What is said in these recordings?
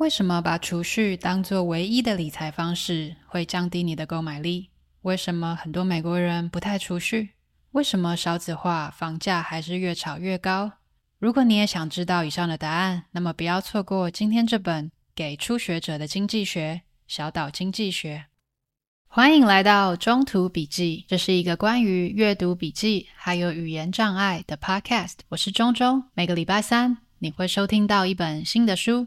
為什麼把儲蓄當作唯一的理財方式會降低你的購買力？為什麼很多美國人不太儲蓄？為什麼少子化房價還是越炒越高？如果你也想知道以上的答案，那麼不要錯過今天這本給初學者的經濟學《小島經濟學》。歡迎來到中途筆記，這是一個關於閱讀筆記還有語言障礙的 Podcast。我是中中，每個禮拜三你會收聽到一本新的書。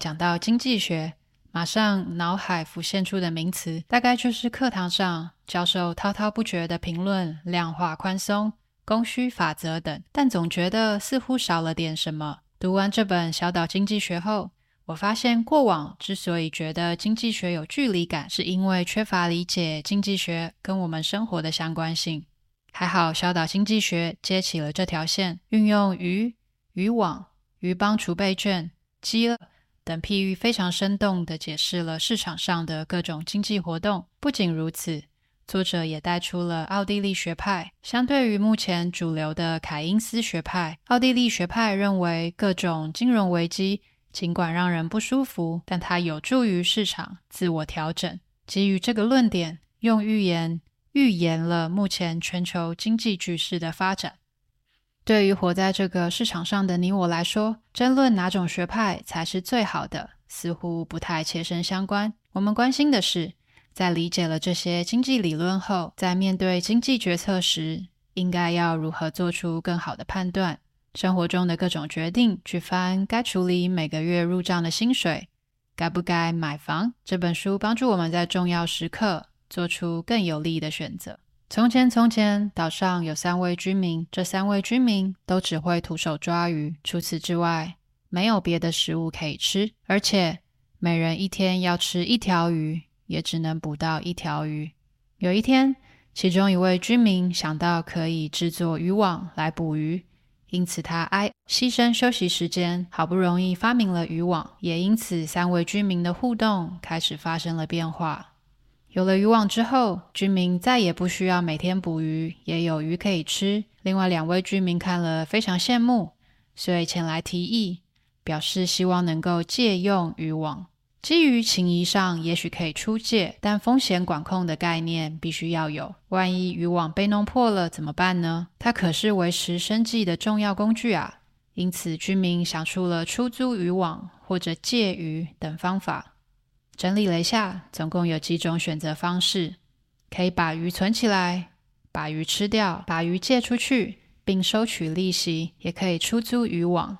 講到經濟學，馬上腦海浮現出的名詞，大概就是課堂上教授滔滔不絕的評論、量化寬鬆、供需法則等，但總覺得似乎少了點什麼。讀完這本《小島經濟學》後，我發現過往之所以覺得經濟學有距離感，是因為缺乏理解經濟學跟我們生活的相關性。還好，《小島經濟學》接起了這條線，運用魚、漁網、魚幫、儲備券、飢餓。等譬喻非常生動地解釋了市場上的各種經濟活動。不僅如此，作者也帶出了奧地利學派。相對於目前主流的凱因斯學派，奧地利學派認為各種金融危機儘管讓人不舒服，但它有助於市場自我調整。基於這個論點，用寓言預言了目前全球經濟局勢的發展。對於活在這個市場上的你我來說，爭論哪種學派才是最好的，似乎不太切身相關。我們關心的是，在理解了這些經濟理論後，在面對經濟決策時，應該要如何做出更好的判斷？生活中的各種決定，去翻該處理每個月入賬的薪水，該不該買房？這本書幫助我們在重要時刻做出更有利的選擇。從前，從前，島上有三位居民。這三位居民都只會徒手抓魚，除此之外，沒有別的食物可以吃。而且，每人一天要吃一條魚，也只能捕到一條魚。有一天，其中一位居民想到可以制作漁網來捕魚，因此他挨犧牲休息時間，好不容易發明了漁網。也因此，三位居民的互動開始發生了變化。有了漁網之後，居民再也不需要每天捕魚，也有魚可以吃。另外兩位居民看了非常羨慕，所以前來提議，表示希望能夠借用漁網。基於情誼上，也許可以出借，但風險管控的概念必須要有。萬一漁網被弄破了怎麼辦呢？它可是維持生計的重要工具啊！因此，居民想出了出租漁網或者借魚等方法。整理了一下，總共有幾種選擇方式：可以把魚存起來，把魚吃掉，把魚借出去並收取利息，也可以出租漁網。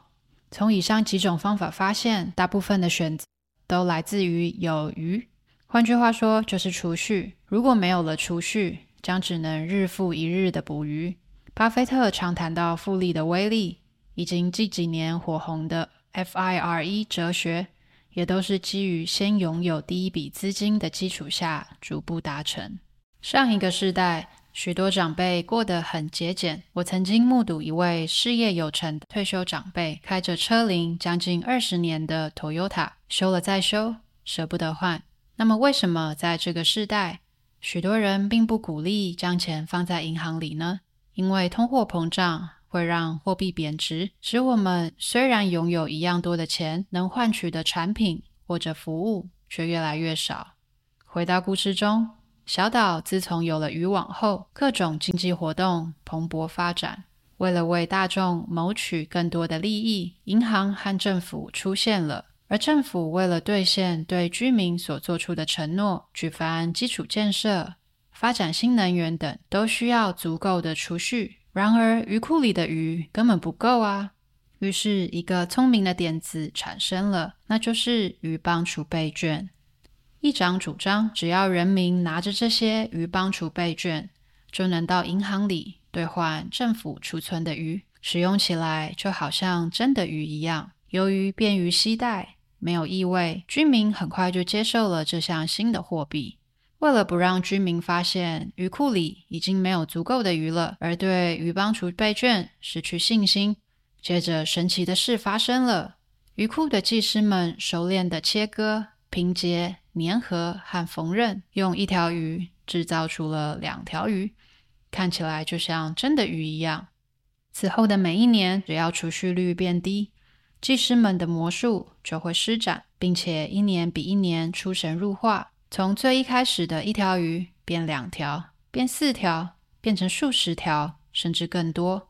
從以上幾種方法發現，大部分的選擇都來自於有魚。換句話說，就是儲蓄。如果沒有了儲蓄，將只能日復一日的捕魚。巴菲特常談到複利的威力，以及近幾年火紅的 FIRE 哲學。也都是基於先擁有第一筆資金的基礎下，逐步達成。上一個世代，許多長輩過得很節儉。我曾經目睹一位事業有成的退休長輩，開着車齡將近二十年的 Toyota，修了再修，捨不得換。那麼，為什麼在這個世代，許多人並不鼓勵將錢放在銀行裡呢？因為通貨膨脹。會讓貨幣貶值，使我們雖然擁有一樣多的錢，能換取的產品或者服務卻越來越少。回到故事中，小島自從有了漁網後，各種經濟活動蓬勃發展。為了為大眾謀取更多的利益，銀行和政府出現了。而政府為了兌現對居民所做出的承諾，舉凡基礎建設、發展新能源等，都需要足夠的儲蓄。然而，魚庫裡的魚根本不夠啊！於是，一個聰明的點子產生了，那就是魚幫儲備券。議長主張，只要人民拿着這些魚幫儲備券，就能到銀行裡兌換政府儲存的魚，使用起來就好像真的魚一樣。由於便於攜帶，沒有異味，居民很快就接受了這項新的貨幣。為了不讓居民發現魚庫裡已經沒有足夠的魚了，而對魚幫儲備券失去信心。接着，神奇的事發生了：魚庫的技師們熟練的切割、拼接、粘合和縫紉，用一條魚製造出了兩條魚，看起來就像真的魚一樣。此後的每一年，只要儲蓄率變低，技師們的魔術就會施展，並且一年比一年出神入化。從最一開始的一條魚變兩條，變四條，變成數十條，甚至更多。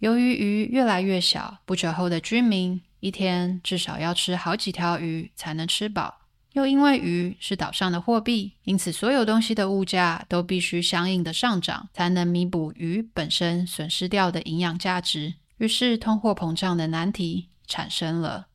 由於魚越來越小，不久後的居民一天至少要吃好幾條魚才能吃飽。又因為魚是島上的貨幣，因此所有東西的物價都必須相應的上漲，才能彌補魚本身損失掉的營養價值。於是通貨膨脹的難題產生了。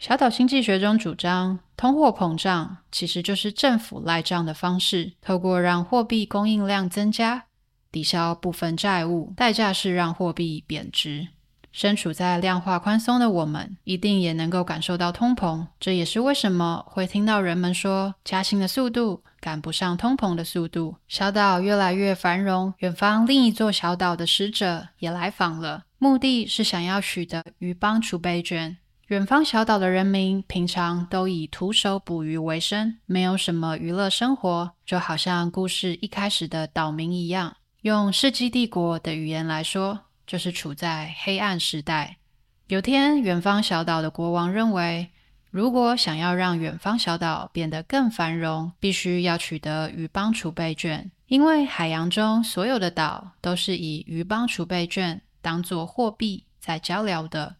小島經濟學中主張，通貨膨脹其實就是政府賴賬的方式，透過讓貨幣供應量增加，抵消部分債務，代價是讓貨幣貶值。身處在量化寬鬆的我們，一定也能夠感受到通膨。這也是為什麼會聽到人們說，加薪的速度趕不上通膨的速度。小島越來越繁榮，遠方另一座小島的使者也來訪了，目的是想要取得魚邦儲備券。遠方小島的人民平常都以徒手捕魚為生，沒有什麼娛樂生活，就好像故事一開始的島民一樣。用《世紀帝國》的語言來說，就是處在黑暗時代。有天，遠方小島的國王認為，如果想要讓遠方小島變得更繁榮，必須要取得魚邦儲備券，因為海洋中所有的島都是以魚邦儲備券當作貨幣在交流的。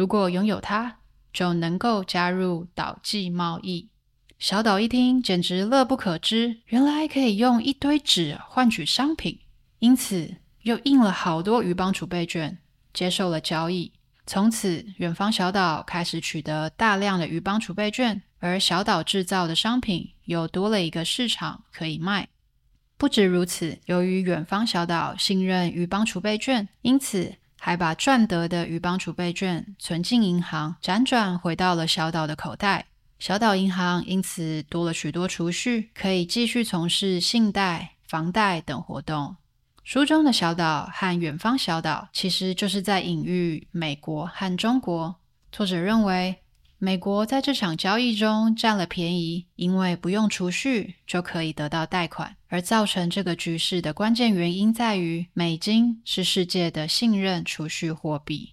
如果擁有它，就能夠加入島際貿易。小島一聽，簡直樂不可支。原來可以用一堆紙換取商品，因此又印了好多魚幫儲備券，接受了交易。從此，遠方小島開始取得大量的魚幫儲備券，而小島製造的商品又多了一個市場可以賣。不止如此，由於遠方小島信任魚幫儲備券，因此，還把賺得的魚邦儲備券存進銀行，輾轉回到了小島的口袋。小島銀行因此多了許多儲蓄，可以繼續從事信貸、房貸等活動。書中的小島和遠方小島，其實就是在隱喻美國和中國。作者認為，美國在這場交易中占了便宜，因為不用儲蓄就可以得到貸款。而造成這個局勢的關鍵原因在於，美金是世界的信任儲蓄貨幣。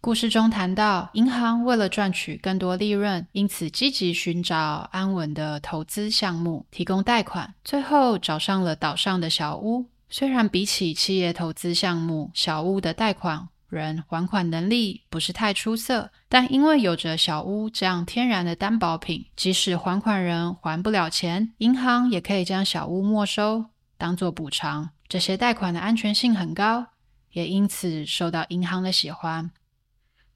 故事中談到，銀行為了賺取更多利潤，因此積極尋找安穩的投資項目提供貸款，最後找上了島上的小屋。雖然比起企業投資項目，小屋的貸款，人還款能力不是太出色，但因為有着小屋這樣天然的擔保品，即使還款人還不了錢，銀行也可以將小屋沒收當做補償。這些貸款的安全性很高，也因此受到銀行的喜歡。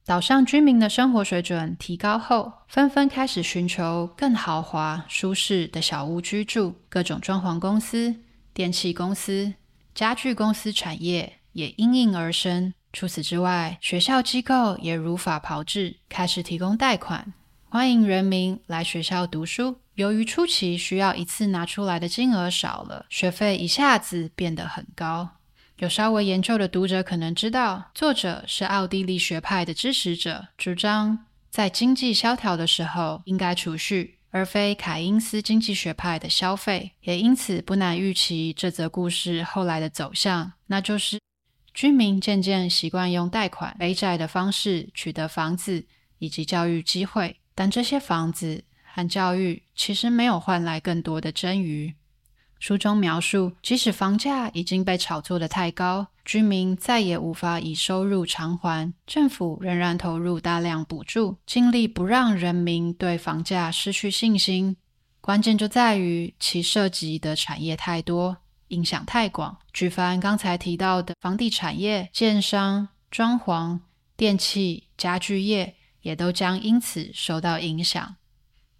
島上居民的生活水準提高後，紛紛開始尋求更豪華、舒適的小屋居住，各種裝潢公司、電器公司、家具公司產業也應運而生。除此之外，學校機構也如法炮制，開始提供貸款，歡迎人民來學校讀書。由於初期需要一次拿出來的金額少了，學費一下子變得很高。有稍微研究的讀者可能知道，作者是奧地利學派的支持者，主張在經濟蕭條的時候應該儲蓄，而非凱因斯經濟學派的消費。也因此，不難預期這則故事後來的走向，那就是。居民漸漸習慣用貸款、背債的方式取得房子以及教育機會，但這些房子和教育其實沒有換來更多的真魚。書中描述，即使房價已經被炒作得太高，居民再也無法以收入償還，政府仍然投入大量補助，盡力不讓人民對房價失去信心。關鍵就在於其涉及的產業太多。影響太廣，舉凡剛才提到的房地產業、建商、裝潢、電器、家具業，也都將因此受到影響。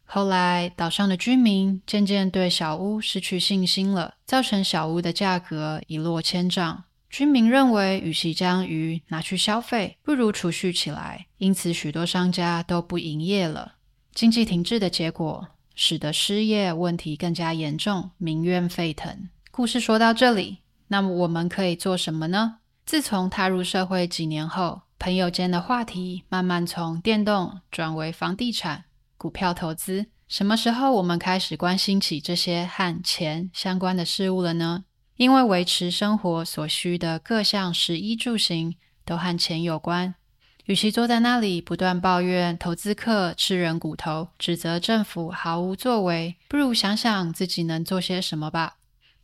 後來，島上的居民漸漸對小屋失去信心了，造成小屋的價格一落千丈。居民認為，與其將魚拿去消費，不如儲蓄起來。因此，許多商家都不營業了。經濟停滯的結果，使得失業問題更加嚴重，民怨沸騰。故事說到這裡，那麼我們可以做什麼呢？自從踏入社會幾年後，朋友間的話題慢慢從電動轉為房地產、股票投資。什麼時候我們開始關心起這些和錢相關的事物了呢？因為維持生活所需的各項食衣住行都和錢有關。與其坐在那裡不斷抱怨投資客吃人骨頭，指責政府毫無作為，不如想想自己能做些什麼吧。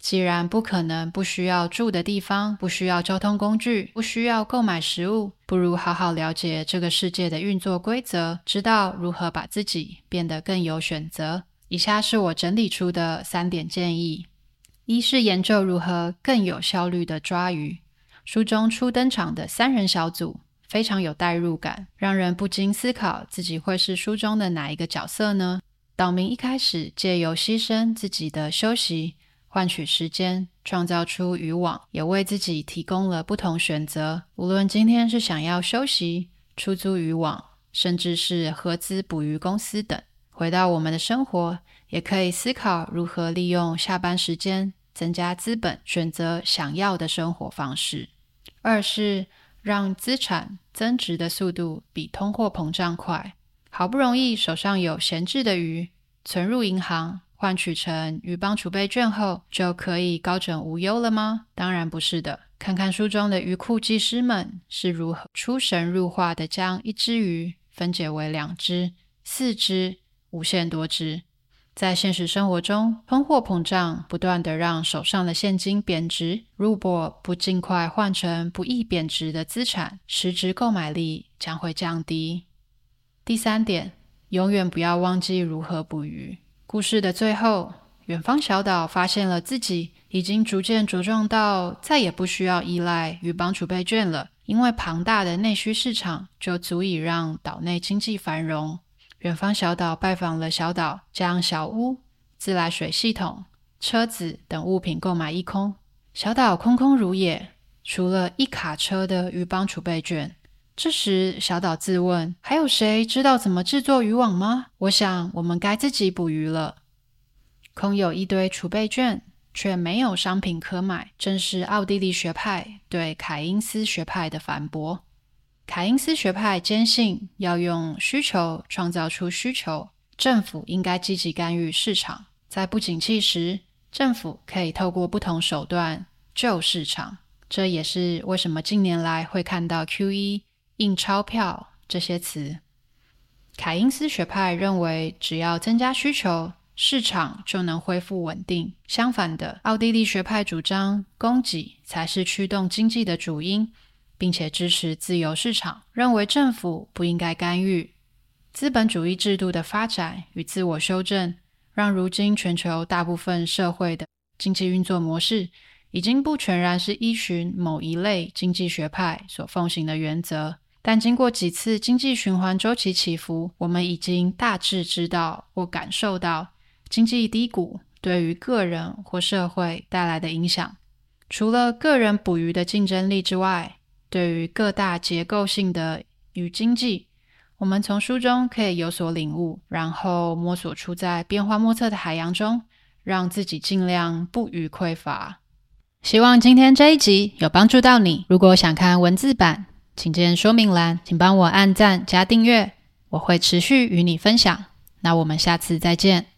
既然不可能不需要住的地方，不需要交通工具，不需要購買食物，不如好好了解這個世界的運作規則，知道如何把自己變得更有選擇。以下是我整理出的三點建議：一是研究如何更有效率地抓魚。書中初登場的三人小組非常有代入感，讓人不禁思考自己會是書中的哪一個角色呢？島民一開始借由犧牲自己的休息。換取時間，創造出漁網，也為自己提供了不同選擇。無論今天是想要休息、出租漁網，甚至是合資捕魚公司等。回到我們的生活，也可以思考如何利用下班時間增加資本，選擇想要的生活方式。二是讓資產增值的速度比通貨膨脹快。好不容易手上有閒置的魚，存入銀行。換取成魚幫儲備券後，就可以高枕無憂了嗎？當然不是的。看看書中的魚庫技師們是如何出神入化地將一隻魚分解為兩隻、四隻、無限多隻。在現實生活中，通貨膨脹不斷地讓手上的現金貶值，如果不盡快換成不易貶值的資產，實質購買力將會降低。第三點，永遠不要忘記如何捕魚。故事的最後，遠方小島發現了自己已經逐漸茁壯到再也不需要依賴魚邦儲備券了，因為龐大的內需市場就足以讓島內經濟繁榮。遠方小島拜訪了小島，將小屋、自來水系統、車子等物品購買一空，小島空空如也，除了一卡車的魚邦儲備券。這時，小島自問：“還有誰知道怎麼製作漁網嗎？”我想，我們該自己捕魚了。空有一堆儲備券，卻沒有商品可買，正是奧地利學派對凱因斯學派的反駁。凱因斯學派堅信要用需求創造出需求，政府應該積極干預市場，在不景氣時，政府可以透過不同手段救市場。這也是為什麼近年來會看到 QE。印鈔票這些詞，凱因斯學派認為，只要增加需求，市場就能恢復穩定。相反的，奧地利學派主張供給才是驅動經濟的主因，並且支持自由市場，認為政府不應該干預。資本主義制度的發展與自我修正，讓如今全球大部分社會的經濟運作模式，已經不全然是依循某一類經濟學派所奉行的原則。但經過幾次經濟循環周期起伏，我們已經大致知道或感受到經濟低谷對於個人或社會帶來的影響。除了個人捕魚的競爭力之外，對於各大結構性的與經濟，我們從書中可以有所領悟，然後摸索出在變化莫測的海洋中，讓自己儘量不虞匱乏。希望今天這一集有幫助到你。如果想看文字版。請見說明欄，請幫我按讚加訂閱，我會持續與你分享。那我們下次再見。